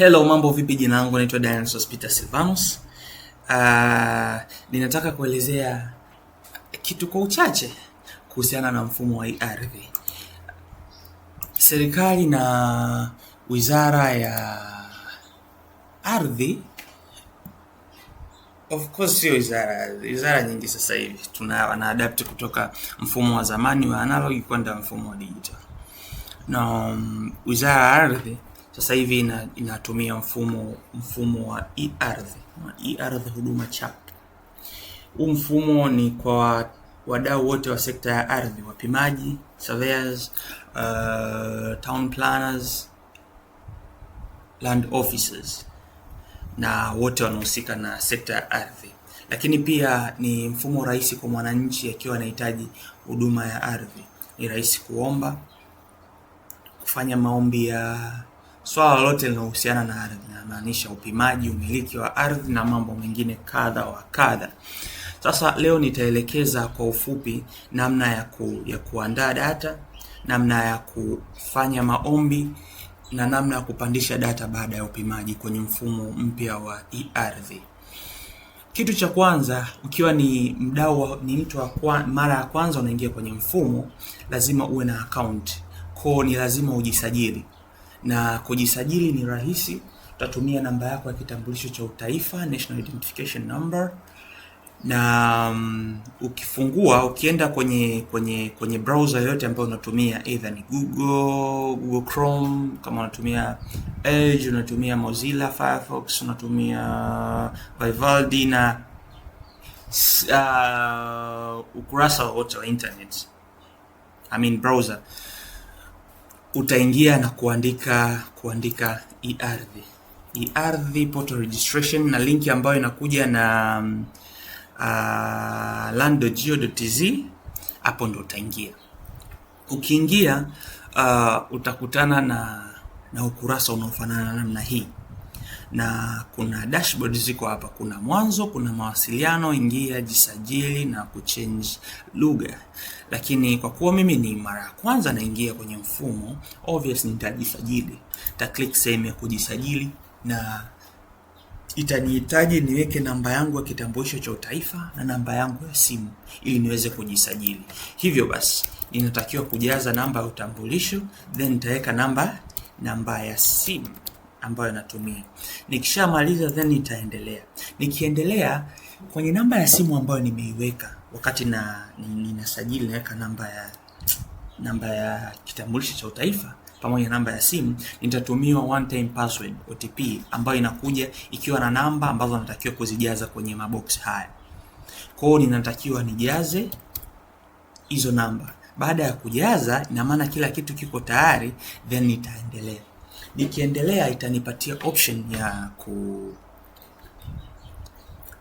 Hello, mambo vipi? Jina langu naitwa Dionysus Peter Silvanus. Uh, ninataka kuelezea kitu kwa uchache kuhusiana na mfumo wa ardhi. E Serikali na Wizara ya Ardhi, of course sio wizara, wizara nyingi sasa hivi tuna adapt kutoka mfumo wa zamani wa analogi kwenda mfumo wa digital na no, um, Wizara ya Ardhi sasa hivi ina, inatumia mfumo mfumo wa e-ardhi e-ardhi huduma chap. Huu mfumo ni kwa wadau wote wa sekta ya ardhi, wapimaji, surveyors, uh, town planners, land officers na wote wanahusika na sekta ya ardhi, lakini pia ni mfumo rahisi kwa mwananchi akiwa anahitaji huduma ya ardhi. Ni rahisi kuomba, kufanya maombi ya Swala lolote linalohusiana na ardhi, inamaanisha upimaji, umiliki wa ardhi na mambo mengine kadha wa kadha. Sasa leo nitaelekeza kwa ufupi namna ya, ku, ya kuandaa data, namna ya kufanya maombi na namna ya kupandisha data baada ya upimaji kwenye mfumo mpya wa ardhi Kitu cha kwanza ukiwa ni mdau, ni mtu wa mara ya kwanza unaingia kwenye mfumo, lazima uwe na account. Kwa ni lazima ujisajili na kujisajili ni rahisi. Utatumia namba yako ya kitambulisho cha utaifa National Identification Number, na um, ukifungua ukienda kwenye kwenye kwenye browser yoyote ambayo unatumia, either ni Google, Google Chrome kama unatumia Edge, unatumia Mozilla Firefox, unatumia Vivaldi na uh, ukurasa wowote wa internet, I mean browser utaingia na kuandika kuandika eardhi eardhi portal registration na linki ambayo inakuja na uh, ah, land.go.tz. Hapo ndo utaingia. Ukiingia uh, utakutana na na ukurasa unaofanana namna hii, na kuna dashboard ziko hapa. Kuna mwanzo, kuna mawasiliano, ingia, jisajili na kuchange lugha lakini kwa kuwa mimi ni mara ya kwanza naingia kwenye mfumo obvious, nitajisajili, ta click sehemu ya kujisajili na itanihitaji niweke namba yangu ya kitambulisho cha utaifa na namba yangu ya simu ili niweze kujisajili. Hivyo basi inatakiwa kujaza namba ya utambulisho then nitaweka namba namba ya simu ambayo natumia. Nikishamaliza then nitaendelea. Nikiendelea kwenye namba ya simu ambayo nimeiweka wakati na ninasajili naweka namba ya namba ya kitambulisho cha utaifa pamoja na namba ya simu, nitatumiwa one time password OTP, ambayo inakuja ikiwa na namba ambazo natakiwa kuzijaza kwenye mabox haya. Kwa hiyo ninatakiwa nijaze hizo namba. Baada ya kujaza, ina maana kila kitu kiko tayari, then nitaendelea. Nikiendelea itanipatia option ya ku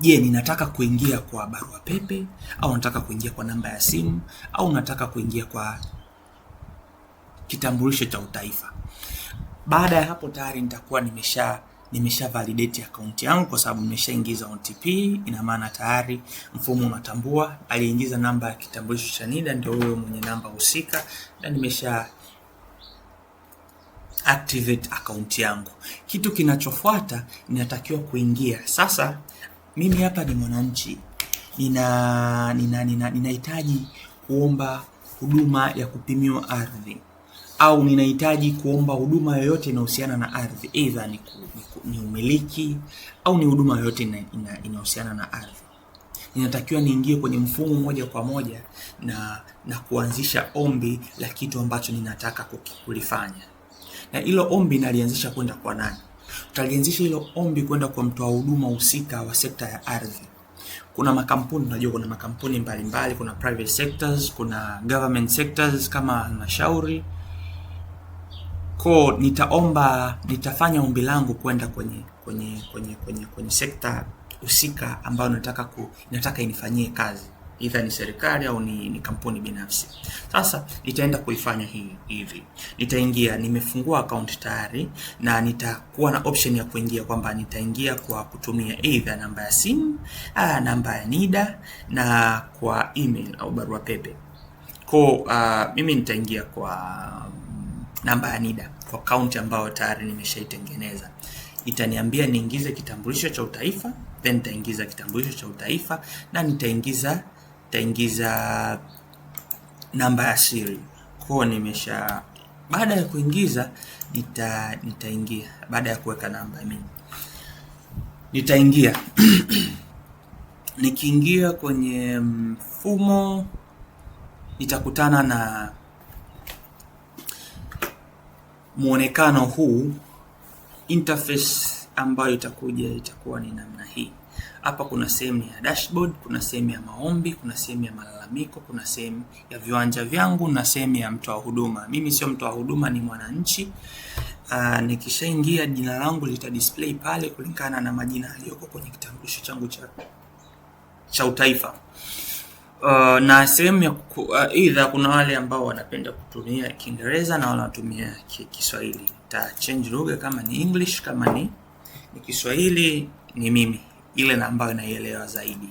Je, ninataka kuingia kwa barua pepe au nataka kuingia kwa namba ya simu au nataka kuingia kwa kitambulisho cha utaifa? Baada ya hapo tayari nitakuwa nimesha nimesha validate akaunti yangu kwa sababu nimeshaingiza OTP. Ina maana tayari mfumo unatambua aliingiza namba ya kitambulisho cha NIDA ndio huyo mwenye namba husika, na nimesha activate akaunti yangu. Kitu kinachofuata ninatakiwa kuingia sasa mimi hapa ni mwananchi, nina ninahitaji nina, nina kuomba huduma ya kupimiwa ardhi au ninahitaji kuomba huduma yoyote inayohusiana na ardhi, aidha ni, ni, ni umiliki au ni huduma yoyote ina na ardhi. Ninatakiwa niingie kwenye mfumo moja kwa moja na na kuanzisha ombi la kitu ambacho ninataka kulifanya, na ilo ombi nalianzisha kwenda kwa nani? tutalianzisha hilo ombi kwenda kwa mtoa huduma husika wa sekta ya ardhi. Kuna makampuni unajua kuna makampuni mbalimbali mbali, kuna private sectors, kuna government sectors kama halmashauri ko nitaomba, nitafanya ombi langu kwenda kwenye kwenye kwenye kwenye kwenye sekta husika ambayo nataka ku, nataka inifanyie kazi. Either ni serikali au ni, ni kampuni binafsi. Sasa nitaenda kuifanya hii hivi, nitaingia, nimefungua account tayari, na nitakuwa na option ya kuingia kwamba nitaingia kwa kutumia either namba ya simu, namba ya NIDA na kwa email au barua pepe. Kwa uh, mimi nitaingia kwa mm, namba ya NIDA kwa account ambayo tayari nimeshaitengeneza. Itaniambia niingize kitambulisho cha utaifa, then nitaingiza kitambulisho cha utaifa na nitaingiza nitaingiza namba ya siri kwa nimesha. Baada ya kuingiza nita nitaingia, baada ya kuweka namba mimi nitaingia nikiingia kwenye mfumo nitakutana na mwonekano huu. Interface ambayo itakuja itakuwa ni namna hii. Hapa kuna sehemu ya dashboard, kuna sehemu ya maombi, kuna sehemu ya malalamiko, kuna sehemu ya viwanja vyangu na sehemu ya mtoa huduma. Mimi sio mtoa huduma, ni mwananchi. Ah, nikishaingia jina langu lita display pale kulingana na majina yaliyoko kwenye kitambulisho changu cha cha utaifa. Uh, na sehemu ya aidha uh, kuna wale ambao wanapenda kutumia Kiingereza na wanatumia Kiswahili. Ta change lugha kama ni English, kama ni ni Kiswahili ni mimi ile na ambayo naielewa zaidi.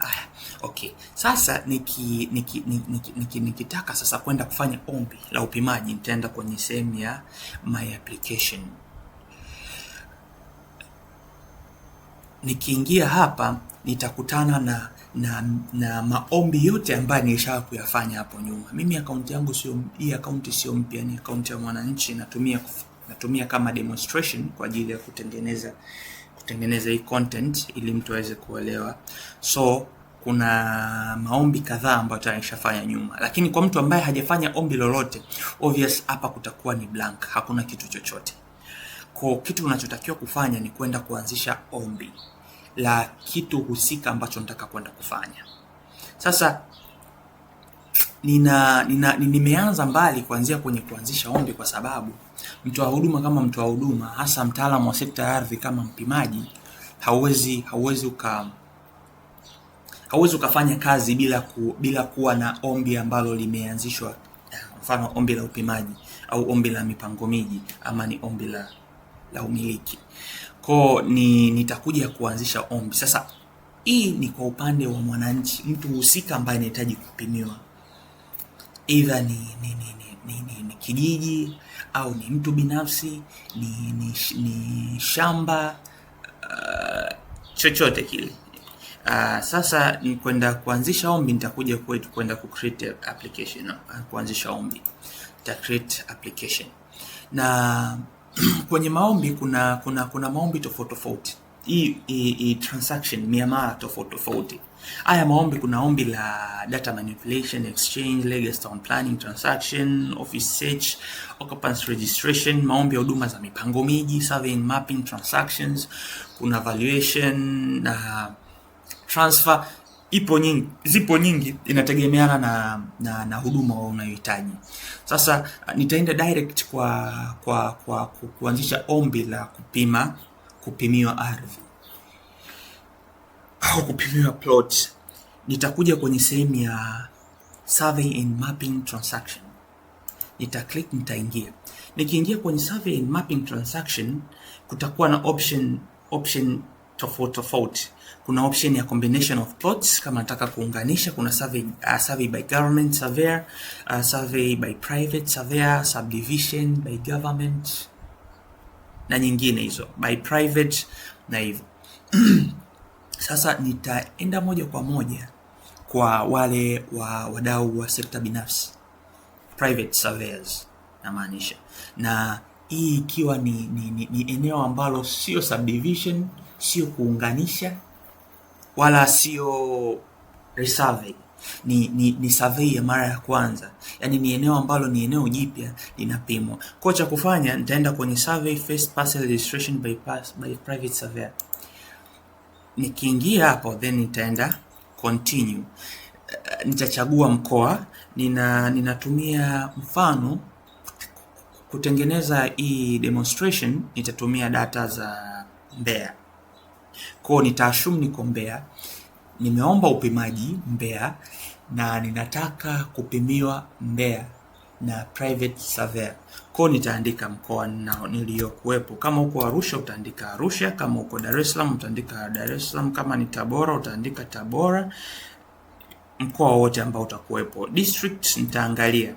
Ah, okay. Sasa nikitaka niki, niki, niki, niki sasa kwenda kufanya ombi la upimaji nitaenda kwenye sehemu ya my application. Nikiingia hapa nitakutana na na, na maombi yote ambayo nilishawahi kuyafanya hapo nyuma. Mimi akaunti yangu sio hii, akaunti sio mpya, ni akaunti ya Mwananchi, natumia natumia kama demonstration kwa ajili ya kutengeneza kutengeneza hii content ili mtu aweze kuelewa. So kuna maombi kadhaa ambayo tayari nyuma, lakini kwa mtu ambaye hajafanya ombi lolote, obvious hapa kutakuwa ni blank, hakuna kitu chochote. Kwa kitu unachotakiwa kufanya ni kwenda kuanzisha ombi la kitu husika ambacho nataka kwenda kufanya. Sasa nina, nina nimeanza mbali kuanzia kwenye kuanzisha ombi kwa sababu Mtoa huduma kama mtoa huduma, hasa mtaalamu wa sekta ya ardhi kama mpimaji, hauwezi hauwezi uka hauwezi ukafanya kazi bila ku, bila kuwa na ombi ambalo limeanzishwa, mfano ombi la upimaji au ombi la mipango miji ama ni ombi la la umiliki. Kwa ni nitakuja kuanzisha ombi. Sasa hii ni kwa upande wa mwananchi, mtu husika ambaye anahitaji kupimiwa, Either ni, ni, ni, ni ni, ni, ni kijiji au ni mtu binafsi ni, ni, ni shamba uh, chochote kile uh, sasa ni kwenda kuanzisha ombi nitakuja kwetu kwenda ku create application kuanzisha ombi ta create application na kwenye maombi kuna kuna kuna maombi tofauti tofauti hii transaction miamala tofauti tofauti Haya maombi, kuna ombi la data manipulation, exchange, legacy town planning, transaction, office search, occupants registration, maombi ya huduma za mipango miji, surveying, mapping, transactions, kuna valuation na transfer. Ipo nyingi, zipo nyingi, inategemeana na na, na huduma unayohitaji. Sasa uh, nitaenda direct kwa kwa kwa kuanzisha ombi la kupima kupimiwa ardhi au kupimiwa plot, nitakuja kwenye sehemu ya survey and mapping transaction, nita click, nitaingia. Nikiingia kwenye survey and mapping transaction, kutakuwa na option option tofauti tofauti. Kuna option ya combination of plots kama nataka kuunganisha. Kuna survey, uh, survey by government surveyor, uh, survey by private surveyor, subdivision by government na nyingine hizo by private na hivyo Sasa nitaenda moja kwa moja kwa wale wa wadau wa sekta binafsi, private surveyors namaanisha, na hii ikiwa ni, ni, ni, ni eneo ambalo sio subdivision, sio kuunganisha wala sio resurvey ni, ni, ni survey ya mara ya kwanza, yaani ni eneo ambalo ni eneo jipya linapimwa. Kwa cha kufanya nitaenda kwenye survey first parcel registration by, by private surveyor nikiingia hapo then nitaenda continue. Uh, nitachagua mkoa. Nina ninatumia mfano kutengeneza hii demonstration, nitatumia data za Mbeya. Kwa nitaashum niko Mbeya, nimeomba upimaji Mbeya na ninataka kupimiwa Mbeya na private surveyor. Kwa nitaandika mkoa niliyokuwepo. Kama uko Arusha utaandika Arusha, kama uko Dar es Salaam utaandika Dar es Salaam, kama ni Tabora utaandika Tabora, mkoa wote ambao utakuwepo. District nitaangalia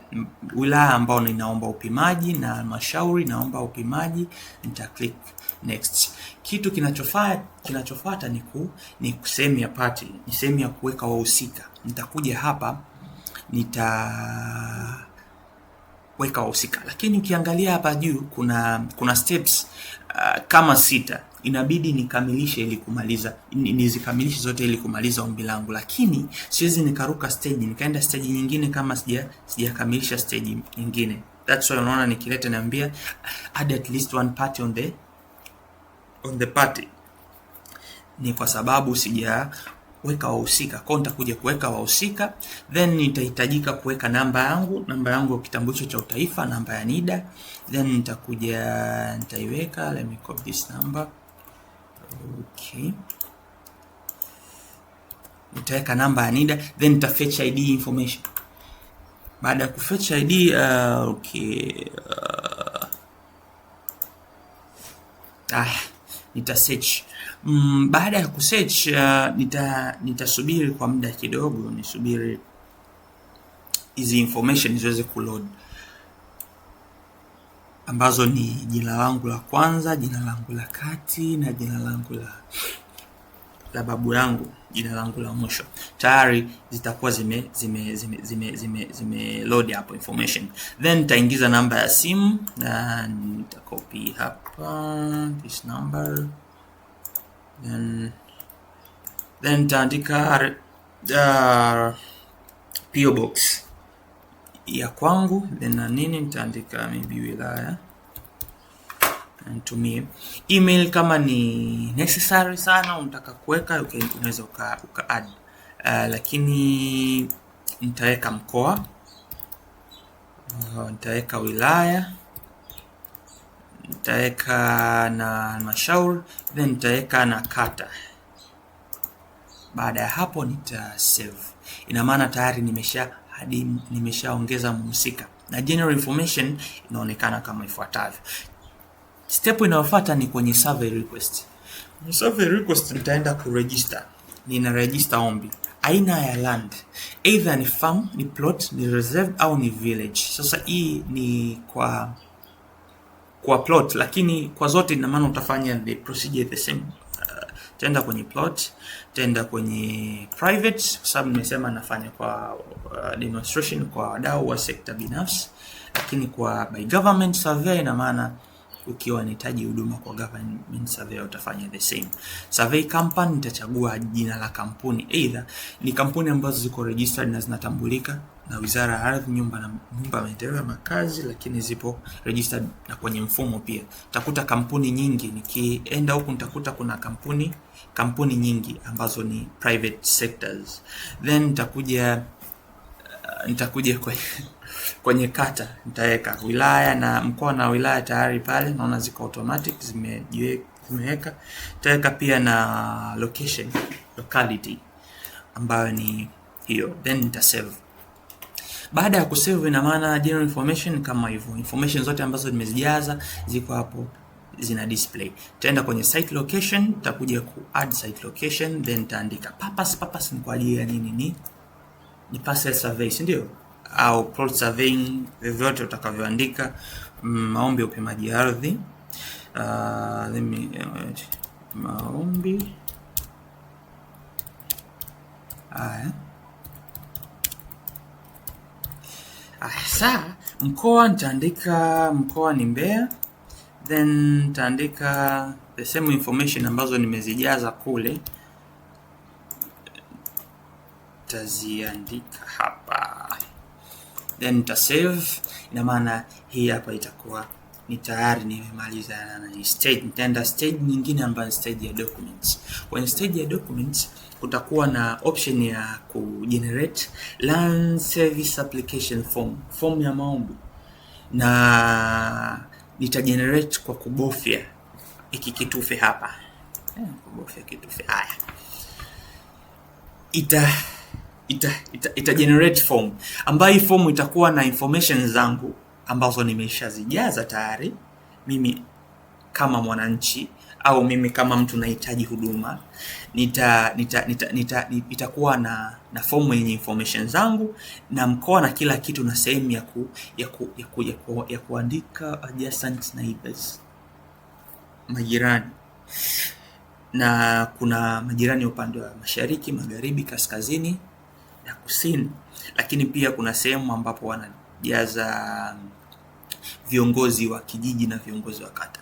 wilaya ambao ninaomba upimaji na halmashauri naomba upimaji, nita click next. Kitu kinachofaa kinachofuata ni ku ni sehemu ya party, ni sehemu ya kuweka wahusika. Nitakuja hapa nita kuweka wahusika. Lakini ukiangalia hapa juu kuna kuna steps uh, kama sita inabidi nikamilishe ili kumaliza nizikamilishe zote ili kumaliza ombi langu, lakini siwezi nikaruka stage nikaenda stage nyingine kama sija sijakamilisha stage nyingine. That's why unaona nikileta niambia uh, add at least one party on the on the party, ni kwa sababu sija kuweka wahusika, kwao nitakuja kuweka wahusika, then nitahitajika kuweka namba yangu, namba yangu ya kitambulisho cha utaifa, namba ya NIDA, then nitakuja nitaiweka, let me copy this number. Okay, nitaweka namba ya NIDA then fetch ID information. Baada ya kufetch ID uh, okay uh, ah, nita search mm, baada ya kusearch uh, nita nitasubiri kwa muda kidogo, nisubiri hizi information ziweze kuload, ambazo ni jina langu la kwanza, jina langu la kati na jina langu la la babu yangu, jina langu la mwisho. Tayari zitakuwa zime zime zime zime zime, zime load hapo information, then nitaingiza namba ya simu na nitakopi hapa this number then then taandika uh, PO box ya kwangu then na nini nitaandika maybe wilaya nitumie email kama ni necessary sana unataka kuweka okay, unaweza uka, uka add uh, lakini nitaweka mkoa uh, nitaweka wilaya nitaweka na halmashauri then nitaweka na kata. Baada ya hapo nita save. Ina maana tayari nimesha hadi nimeshaongeza mhusika na general information inaonekana kama ifuatavyo. Step inayofuata ni kwenye survey request. Kwenye survey request nitaenda kuregister. Nina register ombi aina ya land either ni farm, ni plot, ni reserved au ni village. Sasa hii ni kwa kwa plot, lakini kwa zote ina maana utafanya the procedure the same. Uh, Taenda kwenye plot, taenda kwenye private, kwa sababu nimesema nafanya kwa uh, demonstration kwa wadau wa sekta binafsi, lakini kwa by government survey, ina maana ukiwa unahitaji huduma kwa government survey utafanya the same. Survey company, nitachagua jina la kampuni, either ni kampuni ambazo ziko registered na zinatambulika na Wizara ya Ardhi, Nyumba na Nyumba Maendeleo ya Makazi, lakini zipo registered na kwenye mfumo pia. Takuta kampuni nyingi, nikienda huku nitakuta kuna kampuni kampuni nyingi ambazo ni private sectors, then nitakuja uh, nitakuja kwenye kwenye kata nitaweka wilaya na mkoa na wilaya tayari pale, naona ziko automatic zimeweka. Nitaweka pia na location locality ambayo ni hiyo, then nitasave baada ya kusave, ina maana general information kama hivyo, information zote ambazo nimezijaza ziko hapo zina display. Taenda kwenye site location, tutakuja ku add site location then taandika purpose. Purpose ni kwa ajili ya nini? Ni ni parcel survey, si ndio? Au plot surveying, vyovyote utakavyoandika. Mm, maombi ya upimaji ardhi, uh, let me uh, maombi haya sa mkoa nitaandika mkoa ni Mbeya, then nitaandika the same information ambazo nimezijaza kule taziandika hapa, then nita save. Ina maana hii hapa itakuwa ni tayari nimemaliza na stage. Nitaenda stage nyingine ambayo stage ya documents. Kwenye stage ya documents kutakuwa na option ya ku generate land service application form, form ya maombi, na nita generate kwa kubofya iki kitufe hapa, eh, kubofya kitufe haya ita ita ita, ita generate form ambayo form itakuwa na information zangu ambazo nimeshazijaza tayari mimi kama mwananchi au mimi kama mtu nahitaji huduma nita nitakuwa nita, nita, nita, nita na na fomu yenye information zangu na mkoa na kila kitu na sehemu ya, ku, ya, ku, ya, ku, ya, ku, ya kuandika adjacent neighbors, majirani na kuna majirani upande wa mashariki, magharibi, kaskazini na kusini, lakini pia kuna sehemu ambapo wanajaza viongozi wa kijiji na viongozi wa kata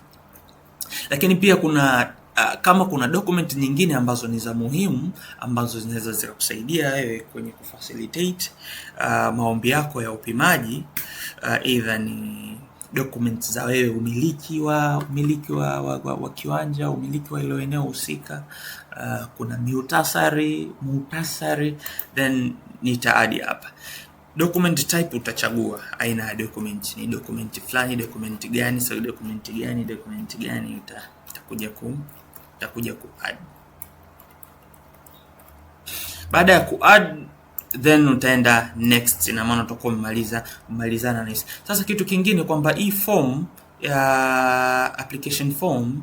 lakini pia kuna uh, kama kuna document nyingine ambazo ni za muhimu ambazo zinaweza zikakusaidia wewe kwenye kufacilitate uh, maombi yako ya upimaji uh, either ni documents za wewe umiliki wa umiliki wa, wa, wa, wa kiwanja umiliki wa ile eneo husika. Uh, kuna muhtasari muhtasari, then nitaadi hapa Document type utachagua aina ya document, ni document fulani, document gani, sasa document gani, document gani utakuja ku utakuja ku add. Baada ya ku add then utaenda next, na maana utakuwa umemaliza umalizana na sasa. Kitu kingine kwamba hii form ya application form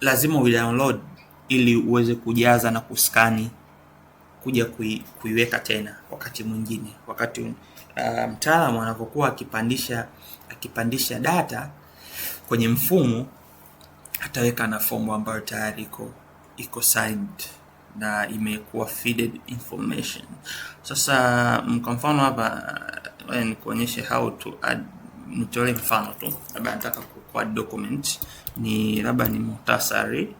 lazima uidownload ili uweze kujaza na kuskani kuja kui, kuiweka tena wakati mwingine, wakati uh, mtaalamu anapokuwa akipandisha akipandisha data kwenye mfumo ataweka na fomu ambayo tayari iko iko signed na imekuwa feeded information. Sasa mm, kwa mfano hapa eh, eh, nikuonyeshe how to add, nitolee mfano tu, labda nataka kuadd document ni labda ni muhtasari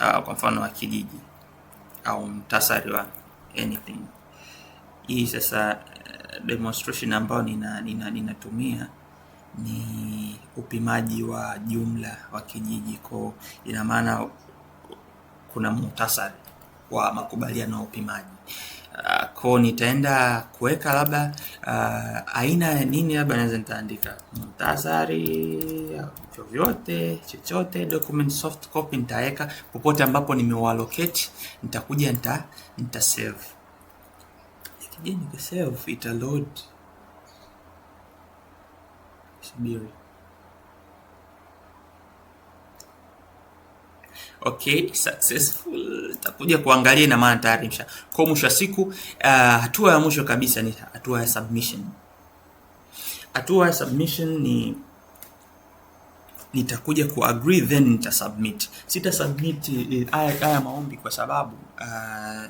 uh, kwa mfano wa kijiji au mtasari wa anything. Hii sasa eh, demonstration ambayo nina, nina, ninatumia ni upimaji wa jumla wa kijiji, kwa ina maana kuna muhtasari wa makubaliano ya upimaji kwa nitaenda kuweka labda uh, aina ya nini, labda naweza nitaandika muhtasari, vyovyote chochote, document soft copy nitaweka popote ambapo nimewalocate nitakuja nita nita save. Nikija nika save ita load, subiri Okay, successful. Takuja kuangalia ina maana tayari msha. Kwa mwisho wa siku, uh, hatua ya mwisho kabisa ni hatua ya submission. Hatua ya submission ni nitakuja ku agree then Sita submit eh, haya uh, maombi kwa sababu uh,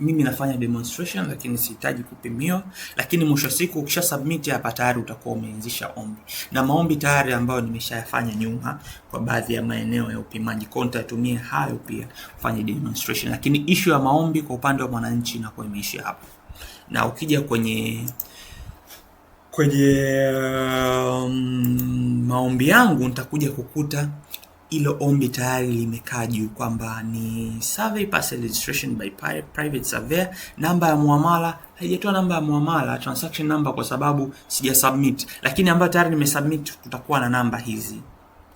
mimi nafanya demonstration lakini sihitaji kupimiwa, lakini mwisho wa siku ukisha submit hapa tayari utakuwa umeanzisha ombi, na maombi tayari ambayo nimeshayafanya nyuma kwa baadhi ya maeneo ya upimaji, kwa nitatumia hayo pia kufanya demonstration, lakini issue ya maombi kwa upande wa mwananchi inakuwa imeisha hapo. Na ukija kwenye kwenye um, maombi yangu nitakuja kukuta ilo ombi tayari limekaa juu kwamba ni survey parcel registration by private surveyor. Namba ya muamala haijatoa namba ya muamala transaction number kwa sababu sija submit, lakini ambayo tayari nimesubmit, tutakuwa na namba hizi,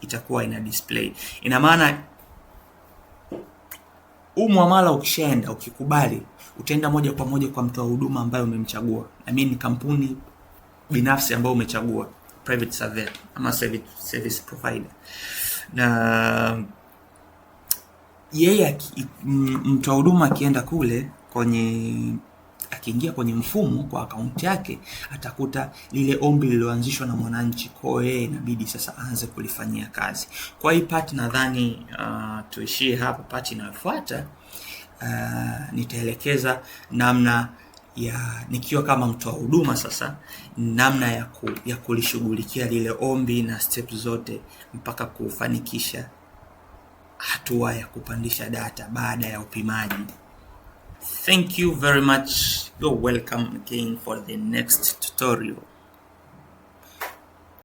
itakuwa ina display. Ina maana huu muamala ukishaenda, ukikubali, utaenda moja kwa moja kwa mtoa huduma ambaye umemchagua, na mimi ni kampuni binafsi ambayo umechagua private surveyor ama service, service provider na yeye mtoa huduma akienda kule kwenye akiingia kwenye mfumo kwa akaunti yake atakuta lile ombi lililoanzishwa na mwananchi. Kwa hiyo yeye inabidi sasa aanze kulifanyia kazi. Kwa hii part nadhani uh, tuishie hapa. Part inayofuata uh, nitaelekeza namna ya nikiwa kama mtoa huduma sasa, namna ya, ku, ya kulishughulikia lile ombi na step zote mpaka kufanikisha hatua ya kupandisha data baada ya upimaji. Thank you very much. You're welcome again for the next tutorial.